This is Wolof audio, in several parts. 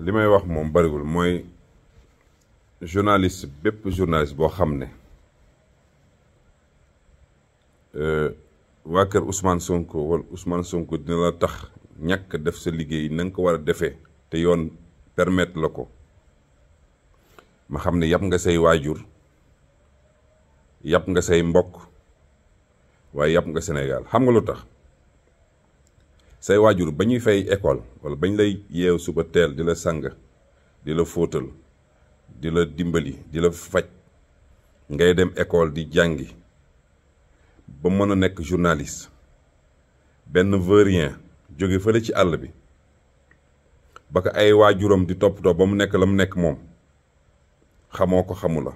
li may wax moom bariwul mooy journaliste bépp journaliste boo xam ne euh, waa kër Ousmane Sonko wala Ousmane Sonko dina la tax ñàkk def sa liggéey nanga ko war a defee te yoon permettre la ko ma xam ne yàpp nga say waajur yàpp nga say mbokk waaye yàpp nga Sénégal xam nga lu tax. say waajur ba ñuy fay école wala bañ lay yeew suba teel di la sang di la fóotal di la dimbali di la faj ngay dem école di jàngi ba mën a nekk journaliste benn vaurien jóge fële ci àll bi ba ko ay waajuram di toppatoo ba mu nekk la mu nekk moom xamoo ko xamu la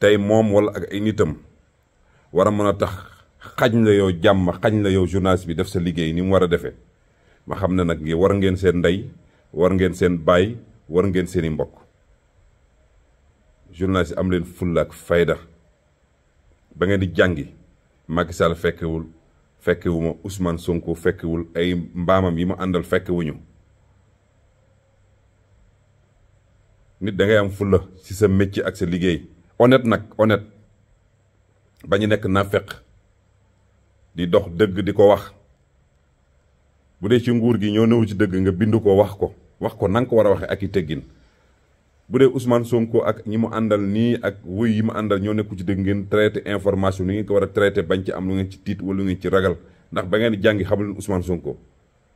tey moom walla ak ay nitam war a mën a tax xañ la yow jàmm xañ la yow journaliste bi def sa liggéey ni mu war a defe ma xam ne nag war ngeen seen ndey war ngeen seen baay war ngeen seeni mbokk journaliste am leen fulla ak fayda ba ngeen di jàngi Macky Sall fekkewul fekkewuma Ousmane Sonko fekkewul ay mbaamam yi ma àndal fekkewuñu nit dangay am fulla ci sa métier ak sa liggéey onet nag honnête ba ñu nekk naa fekk di dox dégg di ko wax bu dee ci nguur gi ñoo nëw ci dëgg nga bind ko wax ko wax ko nanga ko war a waxee ak i teggin bu dee Ousmane Sonko ak ñi mu àndal nii ak wuy yi mu àndal ñoo nekku ci dëgg ngeen traité information ni ngeen ko war a traité bañ ci am lu ngeen ci tiit wa lu ngeen ci ragal ndax ba ngeen jàngi xamul Ousmane Sonko.